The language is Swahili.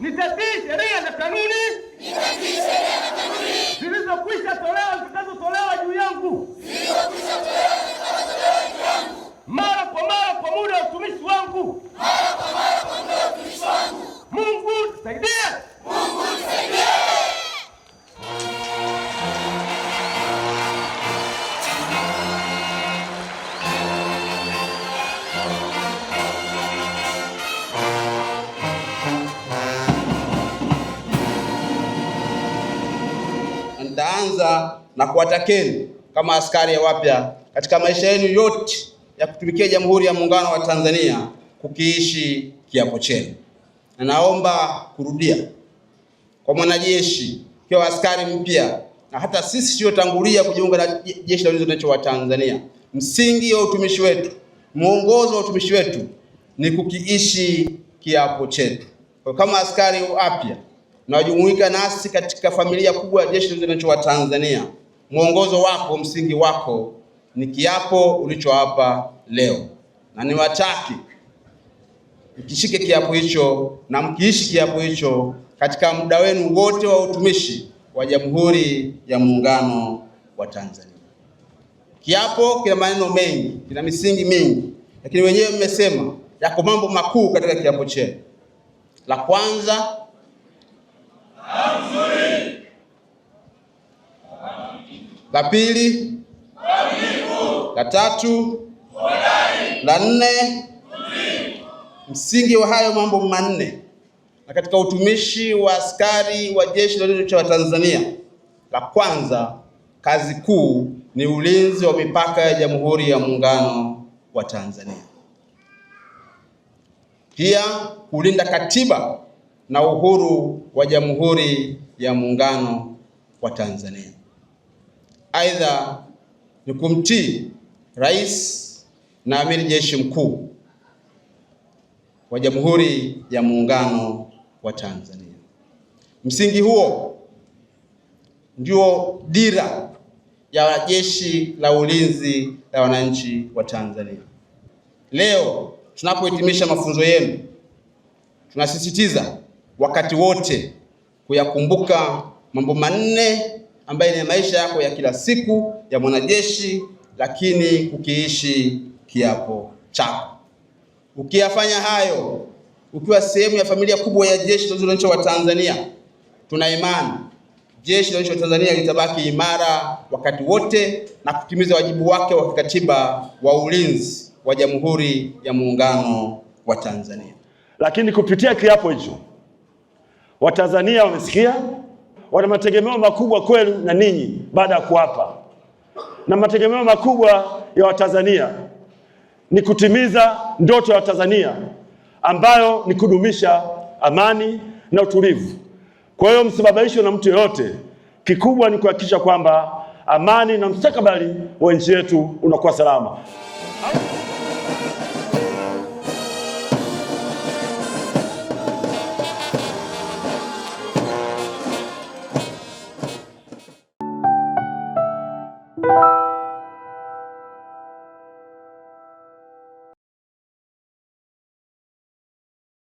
¡Nitatis, ti de canunis! ¡Nitatis, ¡Ni de canunis! ¡Si no ti atorado, que la nitaanza na kuwatakeni kama askari wapya katika maisha yenu yote ya kutumikia Jamhuri ya Muungano wa Tanzania kukiishi kiapo chenu, na naomba kurudia kwa mwanajeshi kwa askari mpya na hata sisi tuliotangulia kujiunga na Jeshi la Ulinzi Wananchi wa Tanzania, msingi wa utumishi wetu, mwongozo wa utumishi wetu ni kukiishi kiapo chetu. Kwa kama askari wapya mnajumuika nasi katika familia kubwa ya Jeshi la Wananchi wa Tanzania. Mwongozo wako, msingi wako ni kiapo ulichoapa leo, na niwataki mkishike kiapo hicho na mkiishi kiapo hicho katika muda wenu wote wa utumishi wa Jamhuri ya Muungano wa Tanzania. Kiapo kina maneno mengi, kina misingi mingi, lakini wenyewe mmesema yako mambo makuu katika kiapo chenu. La kwanza la pili, la tatu, la nne, msingi wa hayo mambo manne na katika utumishi wa askari wa Jeshi la Ulinzi la Tanzania, la kwanza, kazi kuu ni ulinzi wa mipaka ya Jamhuri ya Muungano wa Tanzania, pia kulinda katiba na uhuru wa Jamhuri ya Muungano wa Tanzania. Aidha ni kumtii rais na amiri jeshi mkuu wa Jamhuri ya Muungano wa Tanzania. Msingi huo ndio dira ya Jeshi la Ulinzi la Wananchi wa Tanzania. Leo tunapohitimisha mafunzo yenu, tunasisitiza wakati wote kuyakumbuka mambo manne ambaye ni maisha yako ya kila siku ya mwanajeshi, lakini kukiishi kiapo chako. Ukiyafanya hayo ukiwa sehemu ya familia kubwa ya jeshi la nchi wa Tanzania, tuna imani jeshi la nchi wa Tanzania litabaki imara wakati wote na kutimiza wajibu wake wa kikatiba wa ulinzi wa Jamhuri ya Muungano wa Tanzania. Lakini kupitia kiapo hicho Watanzania wamesikia wana mategemeo makubwa kwenu na ninyi baada ya kuapa, na mategemeo makubwa ya Watanzania ni kutimiza ndoto ya Watanzania ambayo ni kudumisha amani na utulivu. Kwa hiyo msibabaishwe na mtu yoyote, kikubwa ni kuhakikisha kwamba amani na mstakabali wa nchi yetu unakuwa salama. Thank you.